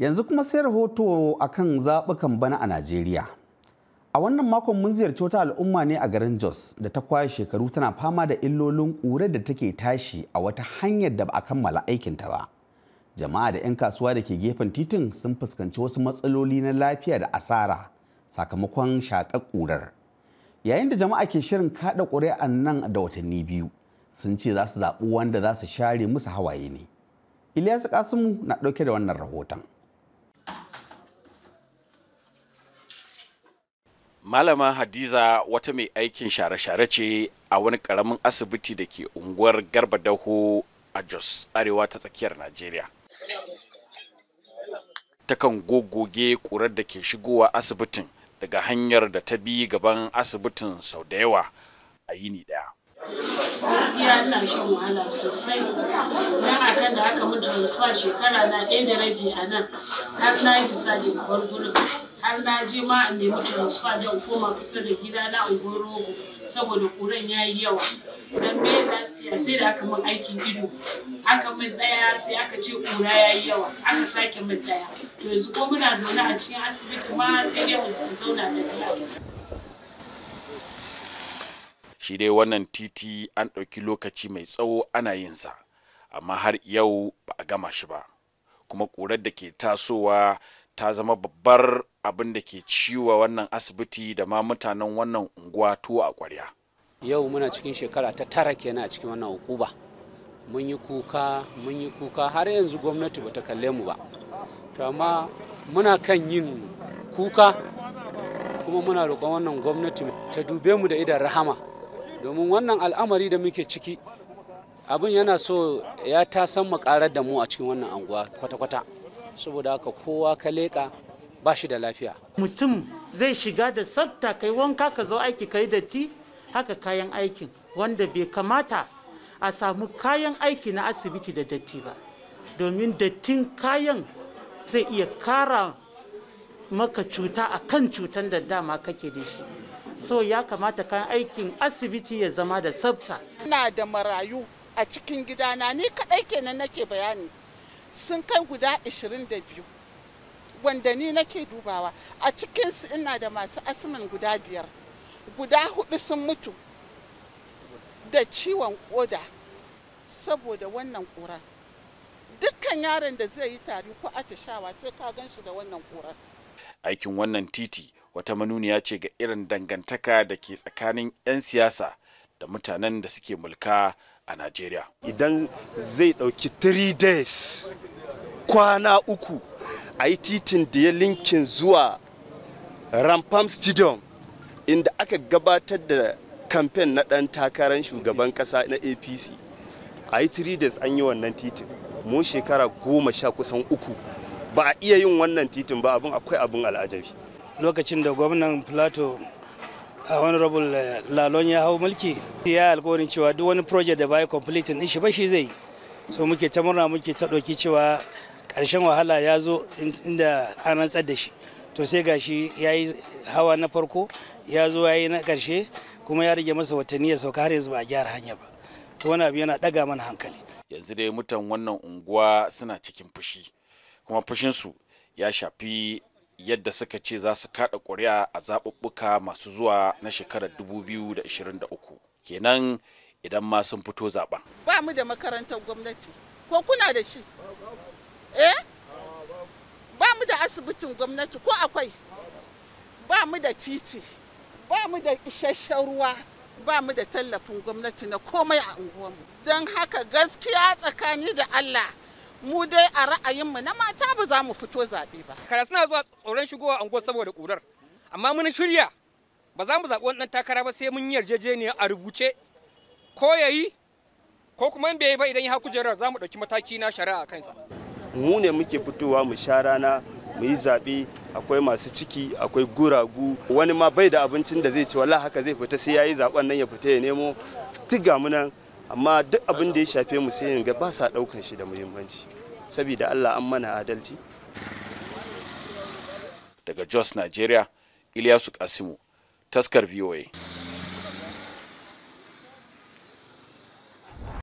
yanzu kuma sai rahoto akan zaɓukan bana a najeriya a wannan makon mun ziyarci wata al'umma ne a garin jos da ta kwaya shekaru tana fama da illolin ƙurar da take tashi a wata hanyar da ba a kammala aikinta ba jama'a da 'yan kasuwa da ke gefen titin sun fuskanci wasu matsaloli na lafiya da asara sakamakon shaƙar ƙurar yayin da jama'a ke shirin kaɗa ƙuri'an nan da watanni biyu sun ce za su zaɓi wanda za su share musu hawaye ne Ilyasu Kasimu na ɗauke da wannan rahoton. malama hadiza wata mai aikin share-share ce a wani karamin asibiti da ke unguwar garba daho a jos arewa ta tsakiyar najeriya takan gogoge ƙurar da ke shigowa asibitin daga hanyar da ta bi gaban asibitin sau da yawa a yini daya gaskiya ina shan wahala sosai don a kan da aka mun transfer shekara na ɗaya da rabi a nan har na yi da sajin bar gurin har na je ma a nemi transfer don koma kusa da gida na unguwar rogo saboda kuran ya yi yawa dan me siya sai da aka min aikin ido aka min daya sai aka ce kura ya yi yawa aka sake min daya to yanzu ko muna zaune a cikin asibiti ma sai dai mu zauna da class shi dai wannan titi an ɗauki lokaci mai tsawo ana yin sa amma har yau ba a gama shi ba kuma ƙurar da ke tasowa ta zama babbar abin da ke ciwa wannan asibiti da ma mutanen wannan unguwa tuwo a ƙwarya. yau muna cikin shekara ta tara kenan a cikin wannan hukuba mun yi kuka mun yi kuka har yanzu gwamnati bata kalle mu ba to amma muna kan yin kuka kuma muna roƙon wannan gwamnati ta dube mu da idan rahama domin wannan al'amari da muke ciki abin yana so ya ta san makarar da mu a cikin wannan anguwa kwata-kwata saboda haka kowa ka leƙa ba shi da lafiya mutum zai shiga da tsafta kai wanka ka zo aiki kai datti haka kayan aikin wanda bai kamata a samu kayan aiki na asibiti da datti ba domin dattin kayan zai iya kara maka cuta a kan cutan da dama kake da shi so ya kamata kayan aikin asibiti ya zama da tsafta ina da marayu a cikin gidana ni kaɗai kenan nake bayani sun kai guda 22 wanda ni nake dubawa a cikinsu ina da masu asmin guda biyar guda hudu sun mutu da ciwon koda saboda wannan ƙurar dukkan yaron da zai yi tari ko atishawa sai ka gan shi da wannan korar. aikin wannan titi wata manuniya ce ga irin dangantaka da ke tsakanin 'yan siyasa da mutanen da suke mulka a Najeriya. Idan zai ɗauki 3 days kwana uku a yi titin da ya linkin zuwa Rampam Stadium inda aka gabatar da kamfen na ɗan takarar shugaban ƙasa na APC. A yi 3 days an yi wannan titin. Mu shekara goma sha kusan uku ba a iya yin wannan titin ba abin akwai abin al'ajabi. Lokacin da gwamnan Plateau A honorable eh, lalon ya hau mulki ya alkawarin cewa duk wani project da bai complete din shi ba shi zai so muke ta murna muke ta ɗauki cewa karshen wahala ya zo inda an rantsar da shi to sai gashi ya yi hawa na farko ya zo ya yi na karshe kuma ya rage masa watanni ya sauka har yanzu ba a gyara hanya ba to wani abu yana daga mana hankali yanzu dai mutan wannan unguwa suna cikin fushi kuma fushinsu ya shafi yadda suka ce za su kada ƙuri'a a zaɓuɓɓuka masu zuwa na shekarar 2023 kenan idan ma sun fito zaɓen. ba mu da makarantar gwamnati ko kuna da shi eh ba mu da asibitin gwamnati ko akwai ba mu da titi ba mu da isasshen ruwa ba mu da tallafin gwamnati na komai a unguwarmu don haka gaskiya tsakani da allah mu dai a ra'ayinmu na mata ba za mu fito zaɓe ba. Kara suna zuwa tsoron shigowa anguwa saboda ƙurar. Amma mun shirya ba za mu zaɓi wannan takara ba sai mun yi yarjejeniya a rubuce ko ya yi ko kuma in bai ba idan ya kujerar za mu ɗauki mataki na shari'a a kansa. Mu ne muke fitowa mu sha rana mu yi zaɓe akwai masu ciki akwai guragu wani ma bai da abincin da zai ci wala haka zai fita sai ya yi zaɓen nan ya fita ya nemo tiga mu nan amma duk abin da ya shafe mu sai ga ba sa daukan shi da muhimmanci saboda Allah an mana adalci daga Jos Nigeria Ilyasu Kasimu taskar VOA